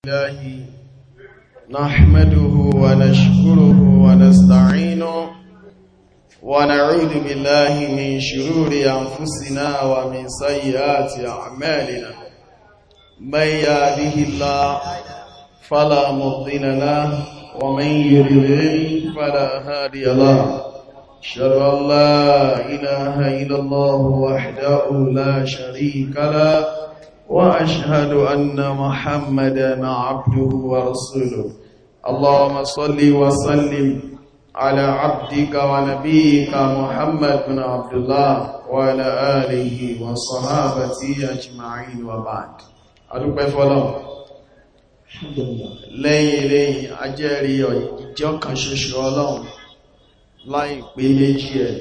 الله نحمده ونشكره ونستعينه ونعوذ بالله من شرور أنفسنا ومن سيئات أعمالنا من يهده الله فلا مضل له ومن يضلل فلا هادي له أشهد أن لا إله إلا الله وحده لا شريك له وأشهد أن محمدا عبده ورسوله اللهم صل وسلم على عبدك ونبيك محمد بن عبد الله وعلى آله وصحابته أجمعين وبعد أدوك فلان lẹ́yìn lẹ́yìn ajẹ́rí ìjọ kan ṣoṣo ọlọ́run láì pé méjì ẹ̀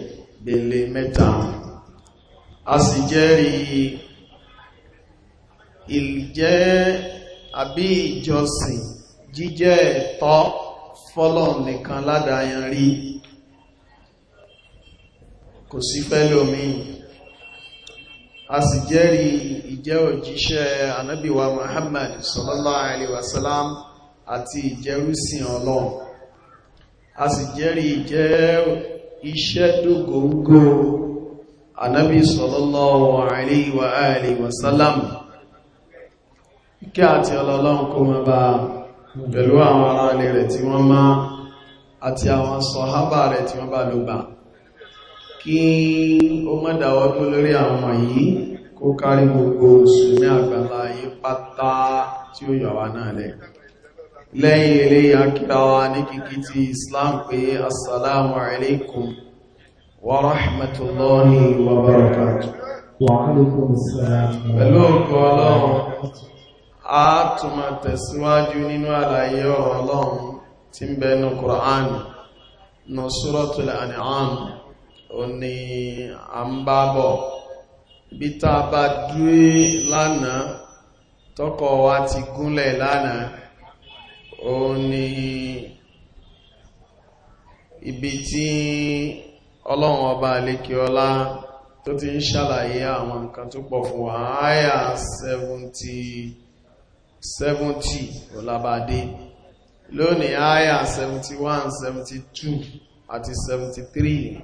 bèlè mẹ́ta a sì jẹ́rìí ìjẹ́ àbí ìjọsìn jíjẹ́ ẹ̀tọ́ fọ́lọ̀ nìkan ládáyan rí kò sí fẹ́lómi a sì jẹ́rìí ìjẹ́ òjíṣẹ́ anábíwa Muhammad sallallahu alaihi wasallam àti ìjẹ́rúsìn ọlọ́run a sì jẹ́rìí ìjẹ́ iṣẹ́ dógógó anábí sallallahu alaihi wa kí àti ọlọ́lọ́run kó mọ́ bá pẹ̀lú àwọn ará ilé rẹ̀ tí wọ́n máa àti àwọn sọ̀hábà rẹ̀ tí wọ́n bá ló gbà kí ó má dáwọ́ tó lórí àwọn yìí kó kárí gbogbo sùnmí àgbàlá yí pátá tí ó yọ̀wà náà lẹ̀ lẹ́yìn ilé akírawa ní kìkí ti Islam pé assalamu alaikum wa rahmatullahi wa barakatuh pẹ̀lú ọkọ̀ ọlọ́run a tẹ̀síwájú nínú àlàyé ọlọ́run tí ń bẹnu kùránì nù Suratul An'am ò ní à ń bá ti gúnlẹ̀ lánàá ò ní ibi tí ọlọ́run ọba alekiola ọlá tó ti ń ṣàlàyé àwọn nǹkan tó 70 Olabade, lónìí àyà 71 72 àti 73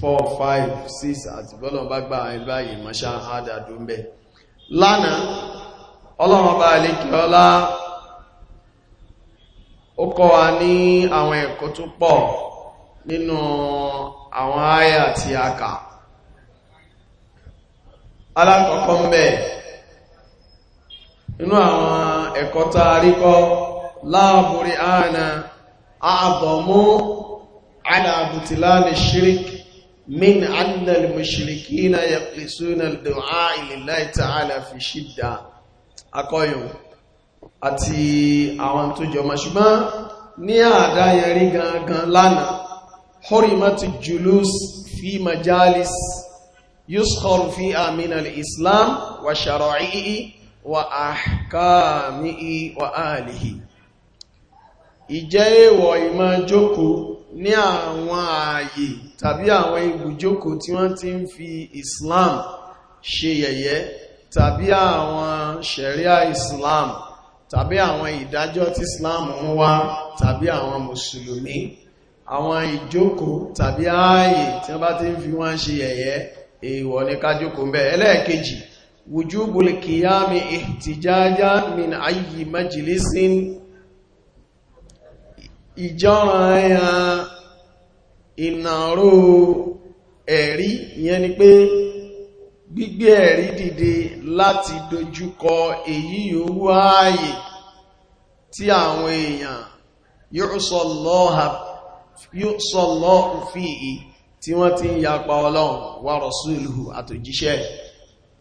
4 5 6 àti bọ́lọ̀ bá gbà ẹgbà ìmọ̀ṣá àdàdó ń bẹ lánàá ọlọ́mọba alékiọlá ó kọ́ wa ní àwọn ẹ̀kọ́ tó pọ̀ nínú àwọn àyà tí a alákọ̀ọ́kọ́ mẹ́rin inú àwọn ẹ̀kọ́ tá a rí kọ́ láàbùrí ààna àbọ̀mú aláàbùtìlá lè ṣírík min annal mushrikina yaqisuna ad-du'a lillahi ta'ala fi shidda akoyo àti àwọn tó jọ ma ṣùgbọ́n ní àdáyẹrí gangan lánàá hurimati julus fi majalis yuskharu fi aminal islam wa shara'i'i wa ahkamihi wa alihi ìjẹ́ èèwọ̀ ìmọ̀ jókòó ní àwọn ààyè tàbí àwọn ibùjókòó tí wọ́n ti ń fi Islam ṣe yẹ̀yẹ́ tàbí àwọn ṣẹ̀ríà Islam tàbí àwọn ìdájọ́ tí Islam ń wá tàbí àwọn mùsùlùmí àwọn ìjókòó tàbí ààyè tí wọ́n bá ti ń fi wọ́n ṣe yẹ̀yẹ́ èèwọ̀ ní ká ń bẹ̀ ẹlẹ́ẹ̀kejì wujubul qiyami ihtijajan min ayi majalisin ìjọ́ran ẹ̀yàn ìnàró ẹ̀rí pe gbigbe pé dide lati dojuko láti dojúkọ èyí yòówù ààyè tí àwọn èèyàn yóò ti won fi tí wọ́n ti wa rasuluhu àtòjíṣẹ́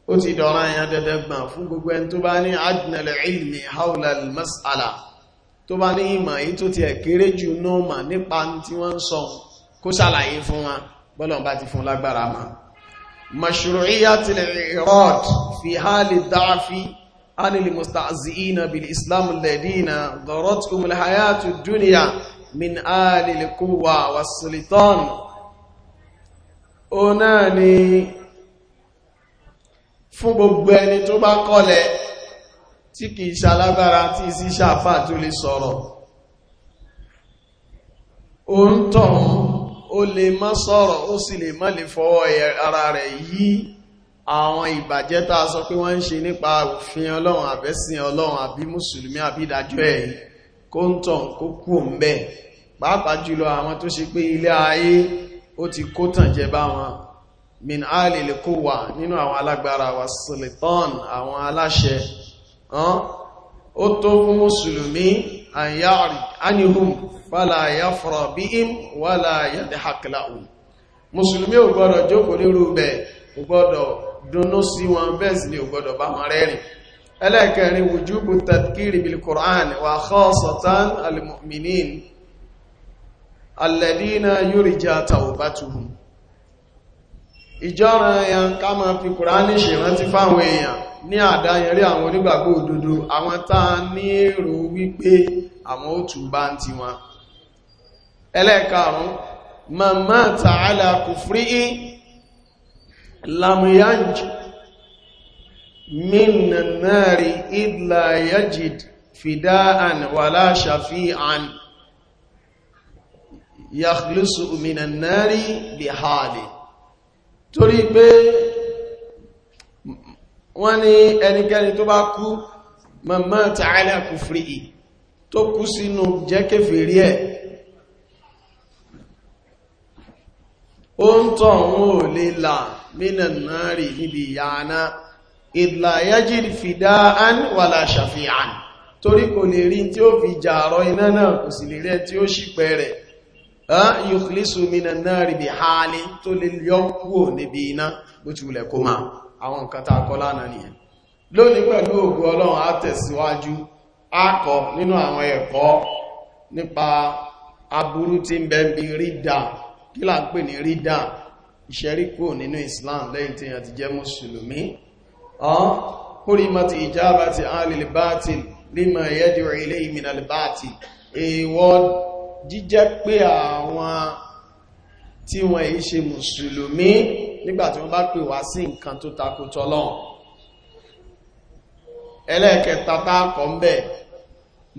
ó ti dọ̀rọ̀ àyàn dẹ̀dẹ̀gbọ̀n fún gbogbo ẹni tó bá ní adnal ilmi haula al-mas'ala tó bá ní ìmọ̀ yí tó ti ẹ̀kéré jù nọ́ọ̀mà nípa tí wọ́n ń sọ kó ṣàlàyé fún wa bọ́lọ̀n bá ti fún lágbára ma mashru'iyyatil irad fún gbogbo ẹni tó bá kọ́lẹ̀ tí kì í ṣalágbára tí sí ṣàfà tó lè sọ̀rọ̀ ó ń tọ̀hún ó lè mọ́ sọ̀rọ̀ ó sì lè mọ́ lè fọwọ́ ara rẹ̀ yí àwọn ìbàjẹ́ tá a sọ pé wọ́n ń ṣe nípa òfin ọlọ́run àbẹ́sìn ọlọ́run àbí mùsùlùmí àbí ìdájọ́ ẹ̀ kó ń tàn kó kú òǹbẹ̀ pàápàá jùlọ àwọn tó ṣe pé ilé ayé ó ti kó tàn jẹ bá wọn min alìlì kó wà nínú àwọn alágbára wa sultan àwọn aláṣẹ ó tó fún mùsùlùmí àyàrí anihum fàlà yafra bí im wàlà yàdì hakiláhù mùsùlùmí ò gbọ́dọ̀ jókòó lérú bẹ̀ ò gbọ́dọ̀ dúnú sí wọn bẹ́ẹ̀ ni ò gbọ́dọ̀ bá wọn rẹ́rìn ẹlẹ́ẹ̀kẹrin wùjúbù tàkìrì bil Qur'an wà khasatan al-mu'minin alladina yurja tawbatuhum ìjọ́ran ẹyàn ká ma fi kùránì ṣèrántí fáwọn èèyàn ní àdáyẹrí àwọn onígbàgbọ́ òdodo àwọn táa ní èrò wípé àwọn ó túbá ń ti wọn ẹlẹ́ẹ̀karùn màmá tààlà kò frí lamuyanj minnanari idla yajid fida'an wala shafi'an yakhlusu minannari bihali torí pé wọ́n ní ẹnikẹ́ni tó bá kú mọ̀mọ́ tààlà kò fìrí tó kú sínú jẹ́ kéfèrí ẹ̀ ó ń tọ̀ òun ò lè là mínà náà rí níbi ìyá aná ìdlà yajid fìdáán wàlà torí kò lè rí tí ó fi jàrọ iná náà kò sì lè rẹ tí ó ṣìpẹ̀ rẹ̀ yukhlisu minan nari bi hali tó lè yọ kúrò níbi iná bó ti wulẹ̀ kó máa àwọn nǹkan tá a kọ́ lánàá nìyẹn lónìí pẹ̀lú ògo Ọlọ́run á tẹ̀síwájú á kọ́ nínú àwọn ẹ̀kọ́ nípa aburú tí ń bẹ́ẹ̀bí rídà kí là ń pè ní rídà ìṣẹ́ríkò nínú Islam lẹ́yìn tí yàn ti jẹ́ mùsùlùmí hurimati ijabati alil batil lima yad'u ilayhi minal batil èèwọ̀ jíjẹ́ pé àwọn tí wọ́n èyí ṣe mùsùlùmí nígbàtí wọ́n bá pè wá sí nǹkan tó takò tọ́lọ́run ẹlẹ́ẹ̀kẹta táàkọ̀ ń bẹ̀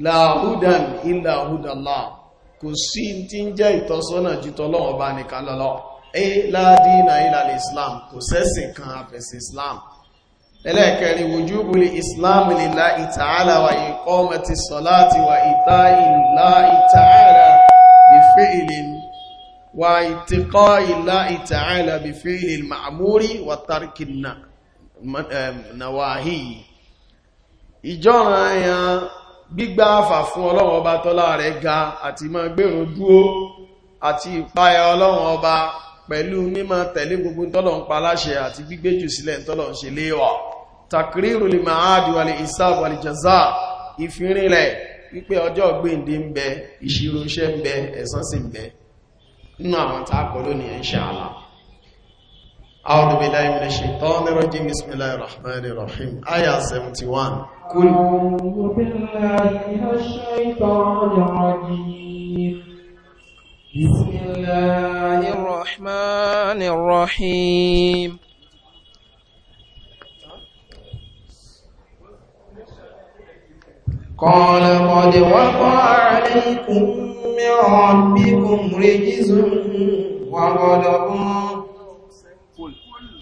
láàúdàn ilẹ̀ àhúdàlá kò sí tí ń jẹ́ ìtọ́sọ́nà ju tọ́lọ́run ọba nìkan lọ́lọ́ eh láàdínà ilẹ̀ islam kò sẹ́sìn kan àfẹ̀sìn islam ẹlẹ́ẹ̀kẹrin wujubu li islam lillahi ta'ala wa iqamati salati wa ita'i lillahi ta'ala bi fi'lin wa itiqa'i lillahi ta'ala bi fi'lil ma'muri wa tarki nawahi ìjọ́ràn ẹ̀yàn gbígbá àfà fún ọlọ́run ọba tọ́lá rẹ̀ ga àti máa gbèrò dúó àti ìpáyà ọlọ́run ọba pẹ̀lú mímọ̀ tẹ̀lé gbogbo tọ́lọ̀ ń pa àti gbígbéjù sílẹ̀ tọ́lọ̀ ń ṣe léwàá takriru lil ma'ad wal hisab wal jazaa ìfirinlẹ̀ wípé ọjọ́ gbèǹde ń bẹ ìṣirò iṣẹ́ ń bẹ ẹ̀san sì ń bẹ nínú àwọn tá a kọ lónìí insha Allah أعوذ بالله آية 71 قل أعوذ بالله من الشيطان الرجيم بسم الله الرحمن الرحيم قال قد وقع عليكم من ربكم رجز وغضب قل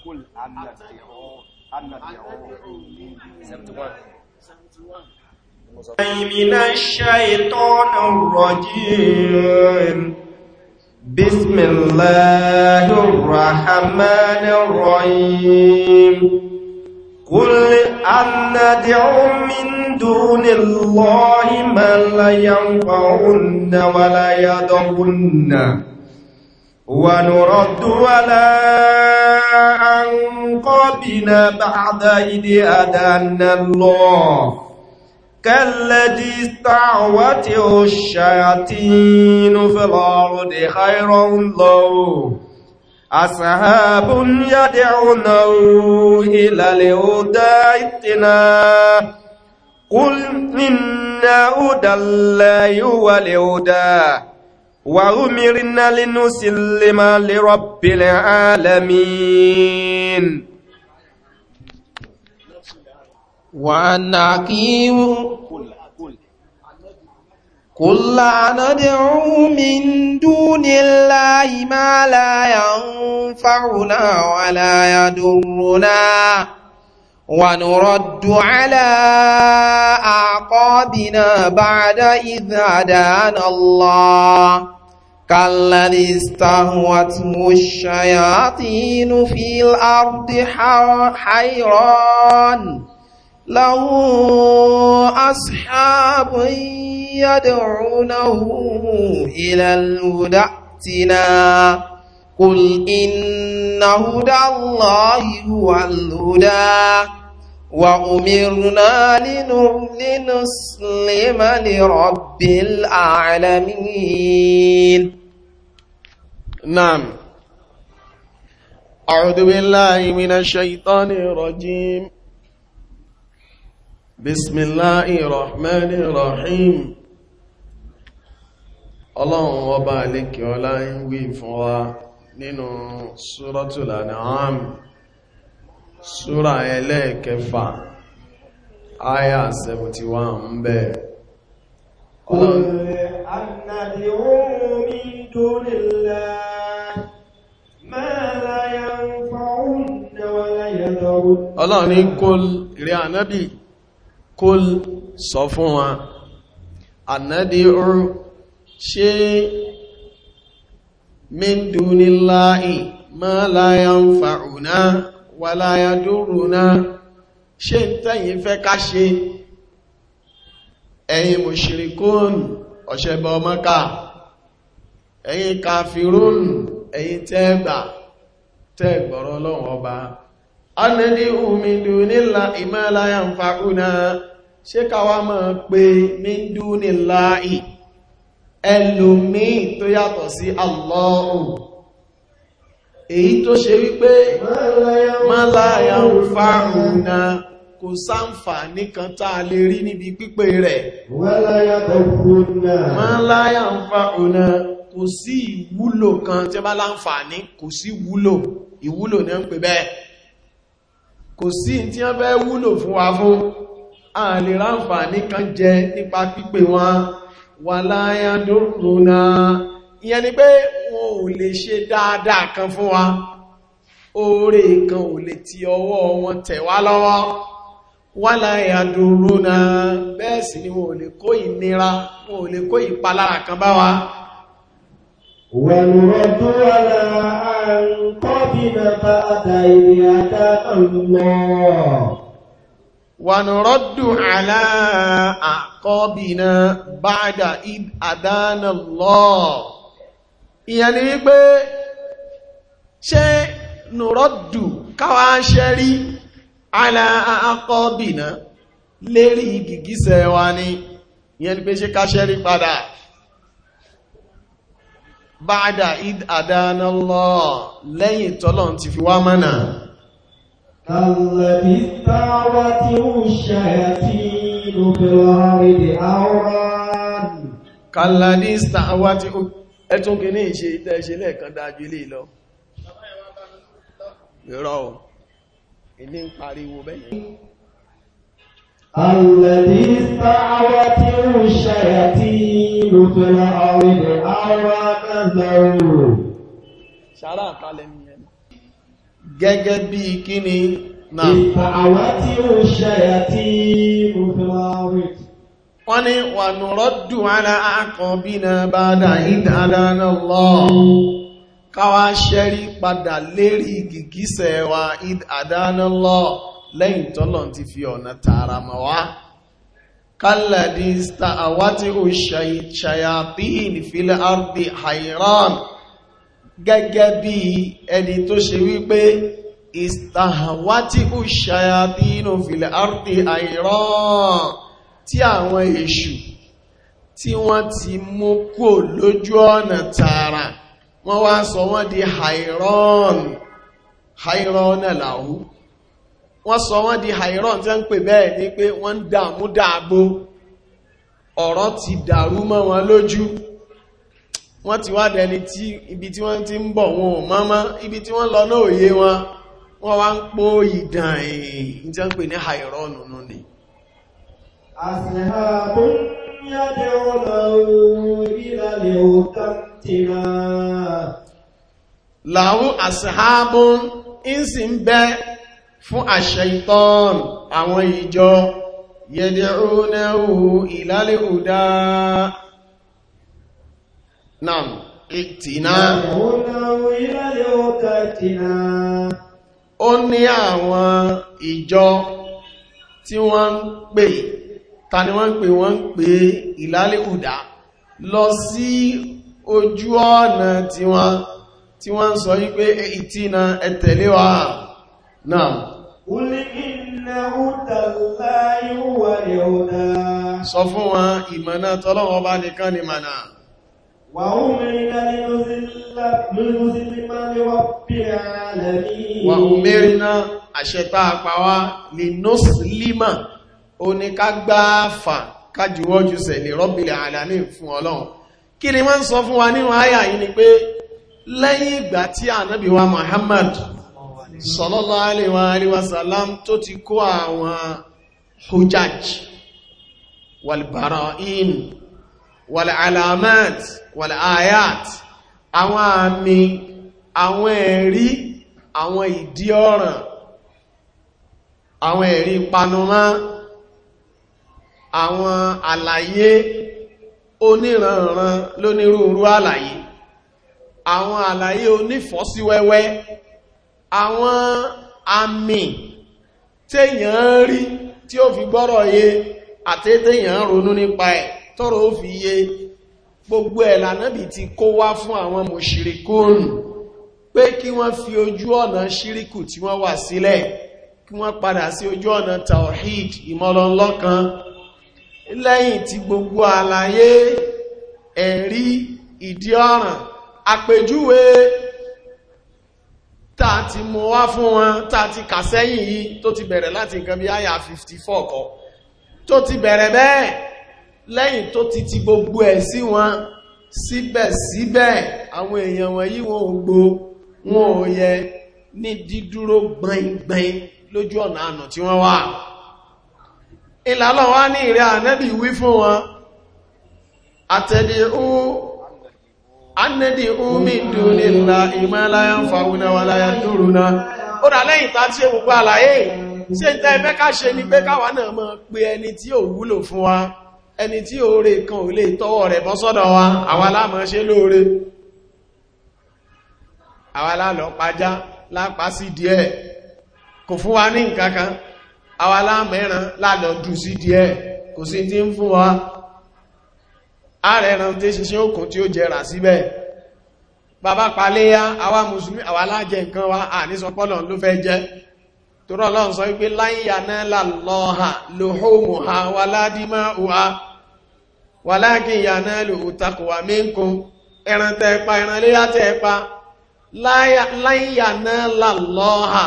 قل عنا عنا من الشيطان الرجيم بسم الله الرحمن الرحيم قل أن ندعو من دون الله من لا ينفعن ولا يضرنا ونرد ولا أنقبنا بعد إذ أدانا الله كالذي استعوته الشياطين في الأرض خير الله أصحاب يدعونه إلى الهدى اتنا قل إنا هدى الله هو الهدى وأمرنا لنسلم لرب العالمين وأن أقيموا قل لا ندعو من دون الله ما لا ينفعنا ولا يضرنا ونرد على أعقابنا بعد إذ هدانا الله كالذي استهوته الشياطين في الأرض حيران له أصحاب يدعونه إلى الهدى ائتنا قل إن هدى الله هو الهدى وأمرنا لنسلم لرب العالمين نعم أعوذ بالله من الشيطان الرجيم بسم الله الرحمن الرحيم ọlọ́run ọba àlékẹ́ ọlá ń wí fún wa nínú ṣúrọ́tùlà ní àmì ṣúra ẹlẹ́ẹ̀kẹfà àyà 71 ń bẹ̀ ọlọ́run annàdìrún mi tó nílá mẹ́lá yà ń fa kúl sọ fún wa ànádé ọrù ṣe mẹ́ndù níláì ma láyá ń fa'ùná wà láyá dúrùná ṣe ń tẹ́yìn fẹ́ ká ṣe ẹ̀yin mùṣìríkún ọ̀ṣẹ̀bọ̀ mọ́ká ẹ̀yin kàfírún ẹ̀yin tẹ́gbà tẹ́gbọ̀rọ̀ ọlọ́run ọba anẹ́dí omi dùn nílá ìmọ́láyà ń fa'ùná ṣé káwà mọ́ pé míndú ní láì ẹlòmí tó yàtọ̀ sí Allahu èyí tó ṣe wípé mọ́láyà ń fa ọ̀nà kò sáǹfààní kan tá a lè rí níbi pípé rẹ̀ mọ́láyà ń fa ọ̀nà kò sí ìwúlò kan tí bá láǹfààní kò sí ìwúlò ìwúlò ní ń pè bẹ́ẹ̀ kò sí tí wọ́n fẹ́ wúlò fún wa fún a lè ráǹfààní kan jẹ nípa pípè wọn wà láyàndórùnà ìyẹn ni pé wọn ò lè ṣe dáadáa kan fún wa oore kan ò lè ti ọwọ́ wọn tẹ̀ wá lọ́wọ́ wà láyàndórùnà bẹ́ẹ̀ sì ni wọn ò lè kó ìnira wọn ò lè kó ìpalára kan bá wa ونرد على أن قبل بعد إذ أتانا ونرد على أعقابنا بعد إذ أذان الله يعني wípé ṣé nùrọ́dù káwà ṣe rí ala àkọ́bìnà lérí gìgísẹ̀ wa ni ìyẹn ni pé ṣe ká ṣe rí padà ba'da id adana lẹ́yìn tọ́lọ̀ ti fi wá mọ́nà كالذي استعوته الشياطين في الأرض أوراً كالذي استعوته ẹ̀tún kì ní ìṣe ìtẹ́ ìṣe lẹ́ẹ̀kan dájú ilé lọ ìrọ̀ ò ilé ń pariwo bẹ́yìn alẹ́dí sáwọ́ tí ó ṣẹ̀yà tí ló fẹ́ra àwọn akẹ́sẹ̀ òòrùn ṣàrá àkálẹ̀ gẹ́gẹ́ bí kíni na àwá tí ó ṣẹ̀yà tí ó fi máa rí wọ́n ní wà nùrọ́dù ara àkànbí na bá dà ìdáraná lọ káwà ṣẹ́rí padà lérí gìgísẹ̀ wa ìdáraná lọ lẹ́yìn tọ́lọ̀ ti fi ọ̀nà tààrà mọ̀ wá kálàdí àwá tí ó ṣẹ̀yà tí ìfilẹ̀ ardi hairan gẹ́gẹ́ bí ẹni tó ṣe wípé ìstàhàwátí òṣàyàtí inú fìlẹ̀ àrùtì àìrán tí àwọn èṣù tí wọ́n ti mú kò lójú ọ̀nà tààrà wọ́n wá sọ wọ́n di àìrán àìrán làwú wọ́n sọ wọ́n di àìrán tí ń pè bẹ́ẹ̀ ni pé wọ́n dààmú dààbò ọ̀rọ̀ ti dàrú mọ́ wọn lójú wọ́n ti wá dẹni tí ibi tí wọ́n ti ń bọ̀ wọn ò mọ́mọ́ ibi tí wọ́n lọ náà yé wọn wọ́n wá ń pó ìdàn èyí tí wọ́n pè ní àìrọ́ nùnú ni láhún ń sì ń bẹ fún àṣẹ ìtọ́n àwọn ìjọ yẹ̀dẹ̀ òun náà ìlàlẹ̀ òdáa Nam. ìtìná ó ní àwọn ìjọ tí wọ́n ń pè ta ni wọ́n ń pè wọ́n ń pè ìlàlẹ̀ òdá lọ sí ojú ọ̀nà tí wọ́n tí wọ́n ń sọ wípé ìtìná ẹ̀tẹ̀lé wa náà ó ní iná ó sọ fún wọn ìmọ̀nà tọ́lọ́wọ́ bá nìkan ni mànà وأمرنا لنذل من رب العالمين وأمرنا àṣẹta àpáwá lè nọ́sílímà oníkágbáfà kájúwọ́jú sẹ̀lẹ̀ rọ́bìlẹ̀ àlàní fún ọlọ́run kí ni wọ́n ń sọ fún wa nínú àyà yìí ni pé lẹ́yìn ìgbà tí ànábì Muhammad sallallahu alaihi wa sallam tó ti kó àwọn hujaj walbara'in wàlẹ̀ alamat wàlẹ̀ ayat àwọn àmì àwọn ẹ̀rí àwọn ìdí ọ̀ràn àwọn ẹ̀rí panumá àwọn àlàyé oníranran lónírúurú àlàyé àwọn àlàyé onífọ́síwẹ́wẹ́ àwọn àmì téèyàn rí tí ó fi gbọ́rọ̀ yé àtẹ́tẹ́yàn ronú nípa ẹ̀ tọ́rọ ó fi yé gbogbo ẹ̀ lànábì ti kó wá fún àwọn mùṣírikóòrùn pé kí wọ́n fi ojú ọ̀nà ṣíríkù tí wọ́n wà sílẹ̀ kí wọ́n padà sí ojú ọ̀nà tawhid ìmọ̀lọ́lọ́kan lẹ́yìn tí gbogbo àlàyé ẹ̀rí ìdí ọ̀ràn àpèjúwe táà ti mú wá fún wọn táà ti kà sẹ́yìn yìí tó ti bẹ̀rẹ̀ láti nǹkan bí àyà 54 kọ tó ti bẹ̀rẹ̀ bẹ́ẹ̀ lẹ́yìn tó ti ti gbogbo ẹ̀ sí wọn síbẹ̀síbẹ̀ àwọn èèyàn wọ̀nyí wọn ò gbọ́ wọn ò yẹ ní dídúró gbẹ̀ngbẹ̀n lójú ọ̀nà ànà tí wọ́n wà ìlàlọ́ wá ní ìrẹ́ ànẹ́bì wí fún wọn àtẹ̀dì anẹ́dì omi dùnì ńlá ìmọ́láyà ń fàúnà wà láyà dúrúnà ó rà lẹ́yìn tá ṣe ń tẹ́ ẹgbẹ́ ká ṣe ní pé káwa náà mọ̀ pé ẹni tí ò wúlò fún wa ẹni tí oore kan ò lè tọ́wọ́ rẹ̀ bọ́ sọ́dọ̀ wa àwa la máa ṣe lóore àwa la lọ pajá lápá sí díẹ̀ kò fún wa ní nǹkankan àwa la mẹ́ran lálọ jù sí díẹ̀ kò sí tí ń fún wa ààrẹ ẹran tí ṣiṣẹ́ òkun tí ó jẹrà síbẹ̀ bàbá paléyá àwa mùsùlùmí àwa la jẹ nǹkan wa àníṣọpọ́lọ̀ ló fẹ́ jẹ́ torọ́ ọlọ́run sọ wípé láyé yaná lálọ́ha lòhóòmù ha wà ládímá òhá wàláàkì ìyànà ìlú ìtakùwà mínkún ẹran tẹ́ẹ̀pa ẹran léyà tẹ́ẹ̀pa láyànà lálọ́ha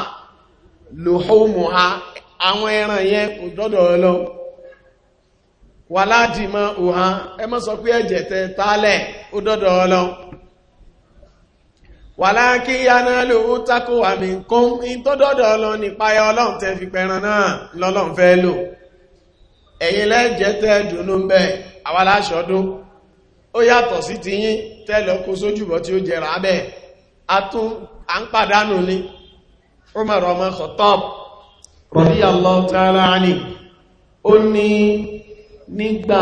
lòhómù ha àwọn ẹran yẹ kò dọ́dọ̀ ọlọ́ wàláàdì òhá ẹ mọ́ sọ pé ẹ̀jẹ̀ tálẹ̀ ó dọ́dọ̀ ọlọ́ wàláàkì ìyànà ọlọ́ nípa ẹ ẹ̀yin lẹ́jẹ́ tẹ́ẹ̀dùnú bẹ́ àwàláṣọ́dún ó yàtọ̀ sí ti yín tẹ́lọ kó sójúbọ̀ tí ó jẹrà bẹ́ a à a ń pàdánù ní Umar ọmọ Khattab radiyallahu ta'ala anhu ó ní nígbà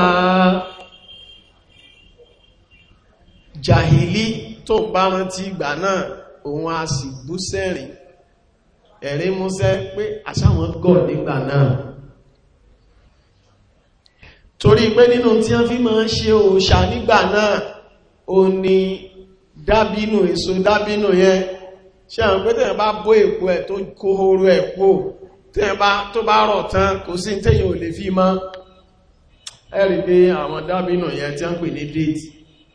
jahili tó bá rántí ìgbà náà òun a sì bú sẹ́rìn ẹ̀rí músẹ́ pé àṣàwọn gọ̀ nígbà náà torí pé nínú tí wọ́n fi máa ń ṣe òòṣà nígbà náà ó ní dábínú èso dábínú yẹn ṣe àwọn pé tẹ́yàn bá bó èpo ẹ̀ tó kó oró ẹ̀ pò tẹ́yàn bá tó bá rọ̀ tán kò sí tẹ́yàn ò lè fi mọ́ ẹ̀rí pé àwọn dábínú yẹn tí wọ́n pè ní déètì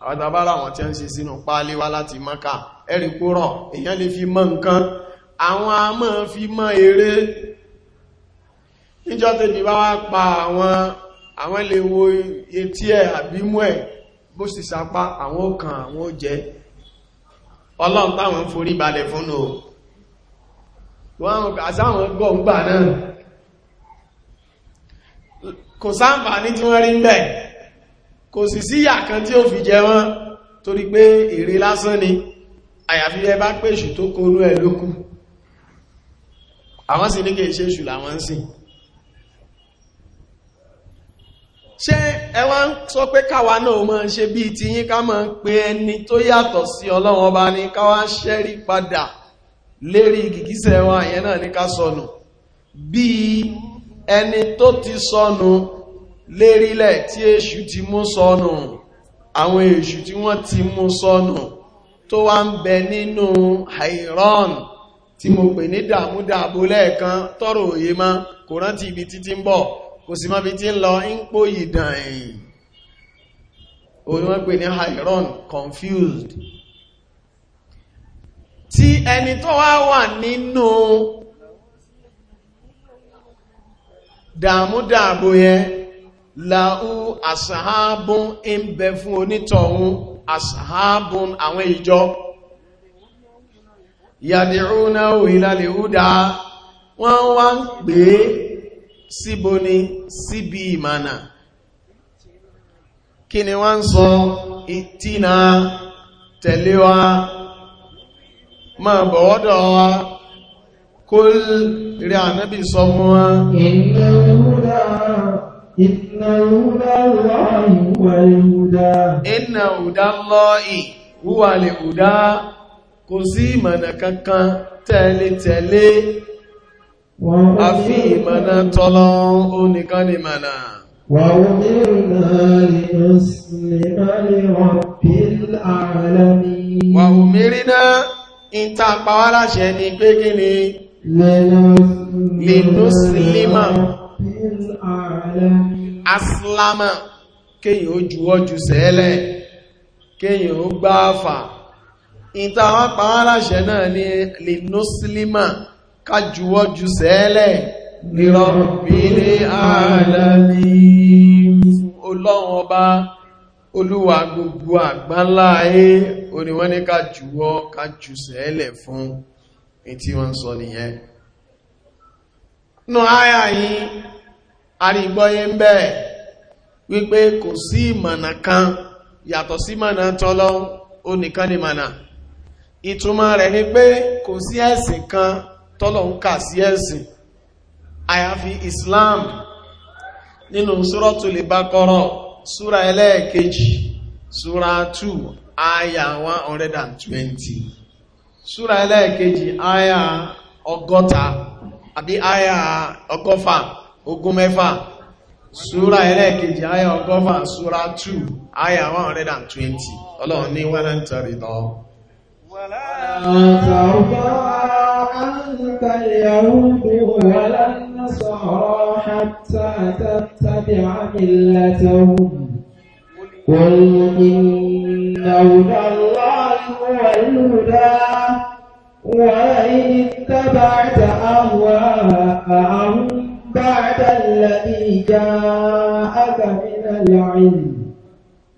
àwọn tàbára àwọn tí wọ́n ṣe sínú páálí wá láti mọ́kà ẹ̀rí kó rọ̀ èèyàn lè fi mọ́ nǹkan àwọn a máa fi mọ́ eré níjọ́ tẹ́bí bá wá pa àwọn àwọn lè wo etí ẹ̀ àbí mú ẹ̀ bó sì sapá àwọn kan àwọn jẹ́ ọlọ́run táwọn ń forí balẹ̀ fún o wọ́n àsáwọn gbọ́ ń gbà náà kò sáǹfà ní tí wọ́n rí ń bẹ̀ kò sì síyà kan tí ó fi jẹ wọ́n torí pé èrè lásán ni àyàfi ẹ bá pèsù tó kóró ẹ̀ lókù àwọn sì ní kèèṣe làwọn sìn ṣé ẹ wá ń sọ pé káwa náà máa ń ṣe bíi tiyín ká máa ń pe ẹni tó yàtọ̀ sí ọlọ́run ọba ní káwa ṣẹ́rí padà lérí gìgísẹ̀ wa yẹn náà ní ká sọnù bíi ẹni tó ti sọnù lérílẹ̀ tí èṣù ti mú sọnù àwọn èṣù tí wọ́n ti mú sọnù tó wá ń bẹ nínú hairon tí mo pè ní dàmúdàbò lẹ́ẹ̀kan tọ́rọ òye má kò rántí ibi títí ń bọ̀ kò sí mọ́ bí tí ń lọ ń pò ìdàn ẹ̀yìn òun wọ́n pè ní iron confused tí ẹni tó wá wà nínú dàmúdàbò yẹn láú àṣàhábùn ń bẹ fún onítọ̀hún àṣàhábùn àwọn ìjọ yàdìrúnáwò ìlàlẹ̀ húdá wọ́n wá ń pè é síbo ni síbi ìmànà kí ni wọ́n ń sọ ìtìnà tẹ̀lé wa máa bọ̀wọ́dọ̀ wa kó rí ànábì sọ fún wa inna huda Allahi huwal huda inna huda Allahi huwal huda kò sí ìmànà kankan tẹ̀lé a fi ìmọ̀nà tọ́lọ́ ó nìkan ni mọ̀nà wà òmìnirínà ìta pàwàláṣẹ ni pé kí ni lèlúsílímà aslámà kéyìn ó juwọ́jú sẹ́lẹ̀ kéyìn ó gbáfà ìta wọ́n pàwàláṣẹ náà ni lèlúsílímà kájúwọ́ ju sẹ́ẹ̀lẹ̀ nírọ̀bílé àlàní ọlọ́run ọba olúwa gbogbo àgbánlá ayé oníwọ́n ní kájúwọ́ kájú sẹ́ẹ̀lẹ̀ fún tí wọ́n sọ nìyẹn nù áyà yìí àrígbọ́yé ń bẹ́ẹ̀ wípé kò sí ìmọ̀nà kan yàtọ̀ sí mọ̀nà tọ́lọ́un ó nìkan ni mọ̀nà ìtumọ̀ rẹ̀ ni pé kò sí ẹ̀sìn kan tọ́lọ̀ ń kà sí ẹ̀sìn àyàfi Islam nínú Suratul Baqara súra ẹlẹ́ẹ̀kejì súra 2 àyà 120 súra ẹlẹ́ẹ̀kejì àyà ọgọ́ta àbí àyà ọgọ́fà ogún mẹ́fà súra ẹlẹ́ẹ̀kejì àyà ọgọ́fà súra 2 àyà 120 ọlọ́run ní lọ. ń tọrìtọ́ أنت اليهود ولا النصارى حتى تتبع ملتهم قل إن هدى الله هو الهدى ولئن اتبعت أهواءهم بعد الذي جاءك من العلم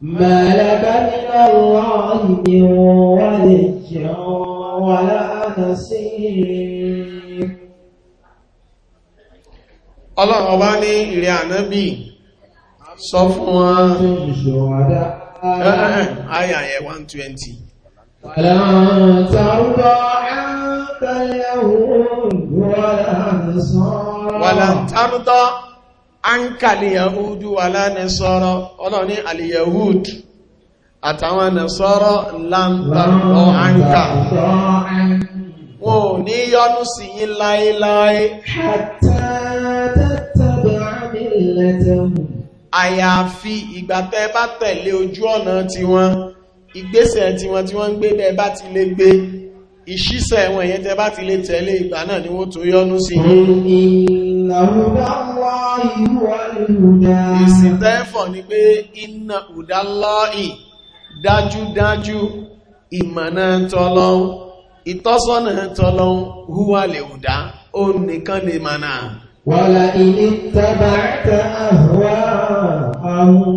ما لك من الله من ولي ولا كثير ọlọ́run ọba ní ìrẹ ànábì sọ fún wọn ayà yẹ 120 wàlántárútọ́ áńkàlì yahudu alánẹsọ́rọ̀ ọlọ́run ní àlìyahudu àtàwọn ẹ̀nẹ̀sọ́rọ̀ lántárútọ́ áńkà wọn ò ní yọ́nú sí yín láéláé àyàfi ìgbà tẹ́ bá tẹ̀lé ojú ọ̀nà tiwọn ìgbésẹ̀ tiwọn tí wọ́n ń gbé bẹ́ẹ̀ bá ti lè gbé ìṣísẹ̀ wọn èyàn tẹ́ bá ti lè tẹ̀lé ìgbà náà ni wọ́n tó yọ́nú sí yín ìsìtẹ́fọ̀ ni pé iná ùdálọ́ì dájúdájú ìmọ̀nà tọ́lọ́un ìtọ́sọ́nà tọ́lọ́un húwà lè hùdá ó nìkan lè máa náà wàlá ilé tàbátà àwọ̀ àwọn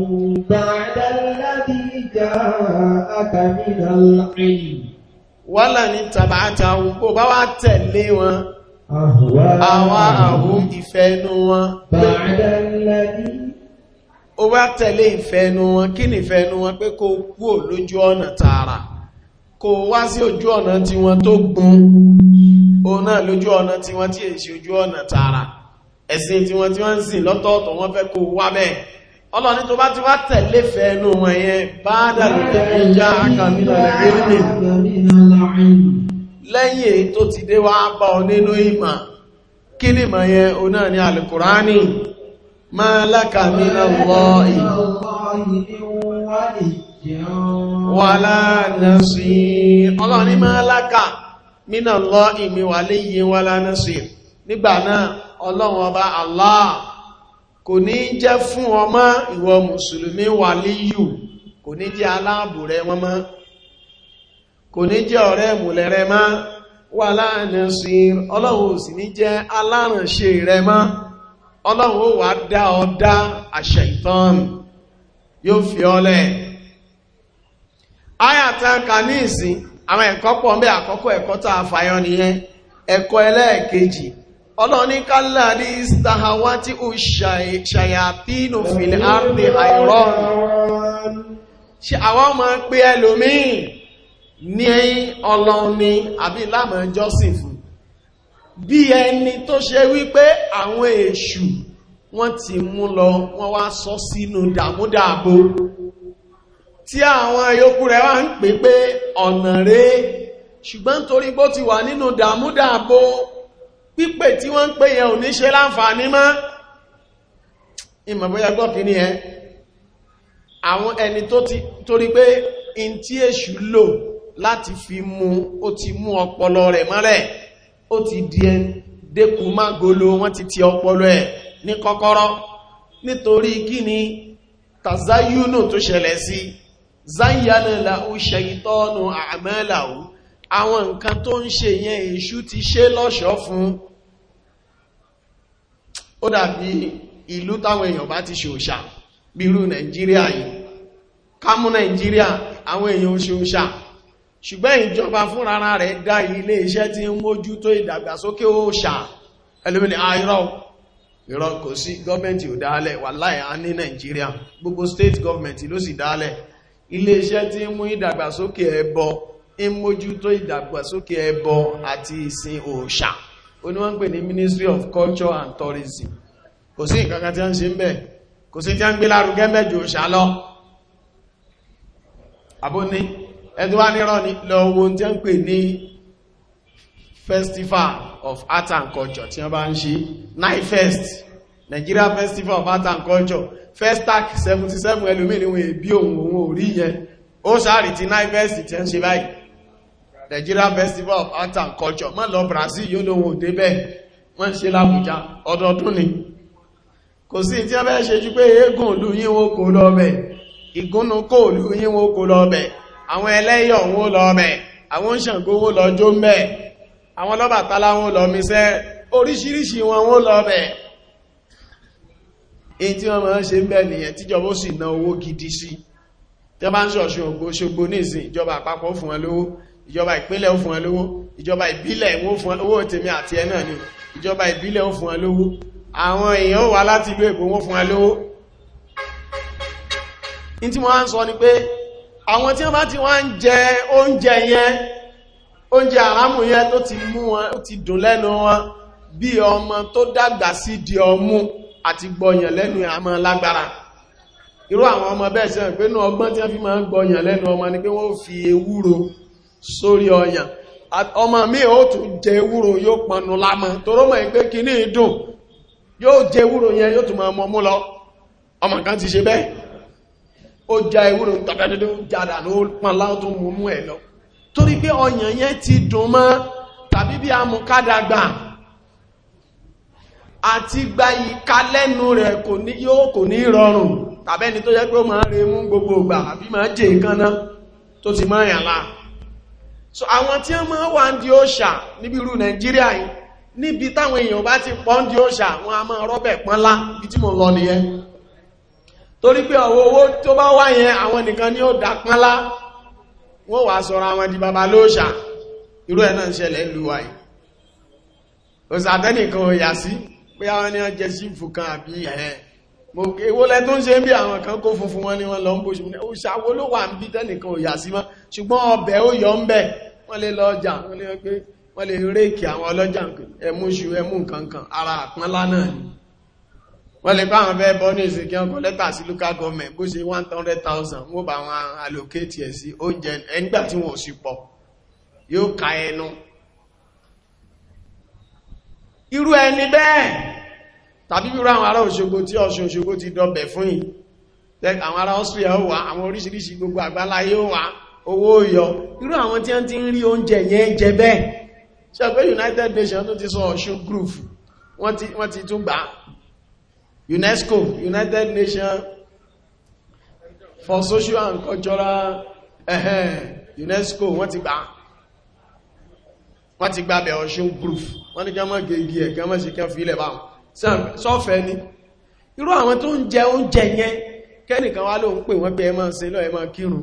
bàdàlábí ìjà àkàmìnà láàrin wàlá ní tàbátà àwọn bó bá wá tẹ̀lé wọn àwọn àwọn ìfẹ́nu wọn bàdàlábí ó bá tẹ̀lé ìfẹ́nu wọn kí ni ìfẹ́nu wọn pé kó kúò lójú ọ̀nà tààrà kò wá sí ojú ọ̀nà tí wọ́n tó gún òun náà lójú ọ̀nà tí wọ́n tí è ṣe ojú ọ̀nà tààrà ẹ̀sìn tí wọ́n tí wọ́n ń sìn lọ́tọ̀ọ̀tọ̀ wọ́n fẹ́ kó wá bẹ́ẹ̀ ọlọ́ni tó bá ti wá tẹ̀lé fẹ́ ẹnu wọn yẹn bá dàrú ni mọ̀ yẹn o náà wàlá nàṣí ọlọ́run ní máa lákà mínà lọ ìmì wà wàlá nígbà náà ọba Allah kò ní jẹ́ fún ọmọ ìwọ mùsùlùmí wà kò ní jẹ́ aláàbò rẹ wọ́n mọ́ kò ní jẹ́ ọ̀rẹ́ ìmùlẹ̀ rẹ mọ́ wàlá ọlọ́run ò sì ní jẹ́ wà dá ọ dá yóò fi ayàtàn kà ní ìsìn àwọn ẹ̀kọ́ pọ̀ mẹ́ àkọ́kọ́ ẹ̀kọ́ tó àfàyàn nìyẹn ẹ̀kọ́ ẹlẹ́ẹ̀kejì ọlọ́ni kálà ní ìsìtàhàwá tí ó ṣàyàtínú fìlẹ̀ àrùdì àìrọ́rùn ṣe àwọn ọmọ pé ẹlòmíì ní ọlọ́ni àbí lámọ̀ jọ́sìn fún bí ẹni tó ṣe wípé àwọn èṣù wọ́n ti mú lọ wọ́n wá sọ sínú dàmúdàbò tí àwọn yòókù rẹ̀ wá ń pè pé ọ̀nà rẹ̀ ṣùgbọ́n torí bó ti wà nínú dàmúdàbò pípè tí wọ́n ń pè yẹn ò ní ṣe láǹfààní mọ́ ìmọ̀ bóyá gbọ́ kí ni ẹ àwọn ẹni tó ti torí pé in tí èṣù lò láti fi mú ó ti mú ọpọlọ rẹ̀ mọ́lẹ̀ ó ti di ẹni dékun mágolo wọ́n ti ti ọpọlọ ẹ̀ ní kọ́kọ́rọ́ nítorí kí ni tàzáyúnù tó ṣẹlẹ̀ sí i zayyana lahu shaitanu a'malahu àwọn nǹkan tó ń ṣe yẹn èṣù ti ṣe lọ́ṣọ́ fún ó dàbí ìlú táwọn èèyàn bá ti ṣòṣà bírú nàìjíríà yìí kámú nàìjíríà àwọn èèyàn ṣòṣà ṣùgbọ́n ìjọba fúnra rẹ̀ dá ilé iṣẹ́ tí ń mójú tó ìdàgbàsókè òṣà ẹlùmílẹ̀ àìrọ̀ ìrọ̀ kò sí gọ́ọ̀mẹ̀ntì ò dálẹ̀ wà láì á ní nàìjíríà gbogbo state gọ́ọ̀mẹ̀ntì ló sì dálẹ̀ iléeṣẹ́ tí ń mú ìdàgbàsókè ẹbọ ń mójútó ìdàgbàsókè ẹbọ àti ìsìn òòṣà oní wọ́n ń pè ní Ministry of Culture and Tourism kò sí nǹkan kan tí wọ́n ń ṣe ń bẹ̀ kò sí tí wọ́n ń gbé lárugẹ mẹ́jọ òòṣà lọ àbóní ẹni wá nírọ̀ ní lọ́wọ́ tí wọ́n ń pè ní Festival of Art and Culture tí wọ́n bá ń ṣe Night Fest Nigeria Festival of Art and Culture Festac 77 ẹlòmí ni wọ́n èbí ohun ohun orí yẹn ó sáàrì tí NYFEST tí ń ṣe báyìí Nigeria Festival of Art and Culture mọ́ lọ Brazil yóò lóhun òdé bẹ́ẹ̀ wọ́n ṣe lábùjá ọdọọdún ni kò sí tí wọ́n fẹ́ ṣe ju pé eégún òlú yín wọ́n kò lọ bẹ̀ ìgúnnú kò òlú yín wọ́n kò lọ bẹ̀ àwọn ẹlẹ́yọ̀ wọ́n lọ bẹ̀ àwọn Ṣàngó wọ́n lọ jó mẹ́ àwọn lọ́bàtálá wọ́n lọ misẹ́ oríṣiríṣi wọn wọ́n lọ bẹ̀ èyí tí wọ́n máa ń ṣe ń bẹ̀ nìyẹn tíjọba ó sì ná owó gidi sí tí wọ́n bá ń ṣọ̀ṣun ní ìsìn ìjọba àpapọ̀ fún wọn lówó ìjọba ìpínlẹ̀ ó fún wọn lówó ìjọba ìbílẹ̀ owó tèmi àti ẹ náà ni ìjọba ìbílẹ̀ ó fún wọn lówó àwọn èèyàn ó wá láti ìlú èkó wọ́n fún wọn lówó ní tí wọ́n á ń sọ ni pé àwọn tí wọ́n bá ti wá ń jẹ oúnjẹ yẹn oúnjẹ àrámù yẹn tó ti mú wọn ó ti dùn lẹ́nu wọn bí ọmọ tó dàgbà sí di ọmú àti gbọ́yàn lẹ́nu àmọ́ lágbára irú àwọn ọmọ bẹ́ẹ̀ sẹ́yàn pé ọgbọ́n tí fi máa ń gbọ́yàn lẹ́nu ọmọ ni pé wọ́n fi ewúro sórí ọyàn ọmọ mi ò tún jẹ ewúro yóò pọnu lámọ́ toró mọ̀ kíní dùn yóò jẹ ewúro yẹn yóò tún máa mú ọmọ kan ti ṣe bẹ́ẹ̀ àti gba ìka lẹ́nu rẹ̀ kò ní yóò kò ní rọrùn tàbẹ́ni tó jẹ́ pé ó máa ń remú gbogbo ìgbà àbí máa jẹ ìkánná tó ti máa yànlá so àwọn tí wọ́n máa wà ń di òòṣà níbi irú nàìjíríà yìí níbi táwọn èèyàn bá ti pọ́ ń di òòṣà wọn a máa rọ́bẹ̀ pọ́nlá bí tí mo lọ nìyẹn torí pé ọ̀wọ́ owó tó bá wá yẹn àwọn nìkan ni ó dá pọ́nlá wọ́n wà sọ̀rọ̀ àwọn di babalóòṣà irú ẹ̀ náà ń ṣẹlẹ̀ lùwà yìí òṣàtẹ́nìkan ò yà sí pé àwọn ni wọ́n jẹ sí fùkan àbí ẹ̀ mo èwo lẹ tó ń ṣe ń bí àwọn kan kó funfun wọn ni wọ́n lọ ń bó ṣùgbọ́n ó ṣàwó ló wà ń bí tẹ́nìkan ò yà sí mọ́ ṣùgbọ́n ọbẹ̀ ó yọ ń bẹ̀ wọ́n lè lọ ọjà wọ́n lè pé wọ́n lè réèkì àwọn ọlọ́jà ẹmú ṣù ẹmú nǹkan kan ara àpọ́nlá náà ni wọ́n lè báwọn fẹ́ bọ́ ní ìsìnkí ọkọ̀ lẹ́tà sí local government bó ṣe 100,000 wọ́n bá wọn allocate ẹ̀ sí oúnjẹ ẹgbà tí wọ́n sì pọ̀ yóò ka ẹnu irú ẹni bẹ́ẹ̀ tàbí irú àwọn ará Òṣogbo tí Ọ̀ṣun Òṣogbo ti dọbẹ̀ fún yìí àwọn ará Austria ó wà àwọn oríṣiríṣi gbogbo àgbáláyé ó wà owó yọ irú àwọn tí wọ́n ti ń rí oúnjẹ yẹn jẹ bẹ́ẹ̀ ṣe pé United Nations tó ti sọ Ọ̀ṣun group wọ́n ti tún gbà UNESCO United Nations for social and cultural eh, UNESCO wọ́n ti gbà wọ́n ti gbà bẹ̀ Ọ̀ṣun group wọ́n ní kẹ́mọ́ gẹ igi ẹ̀kẹ́ mọ́ sí kẹ́ fílẹ̀ bá sọ́fẹ́ ni irú àwọn tó ń jẹ oúnjẹ yẹn kẹ́nìkan wá ló ń pè wọ́n pé ẹ máa ṣe lọ ẹ máa kírun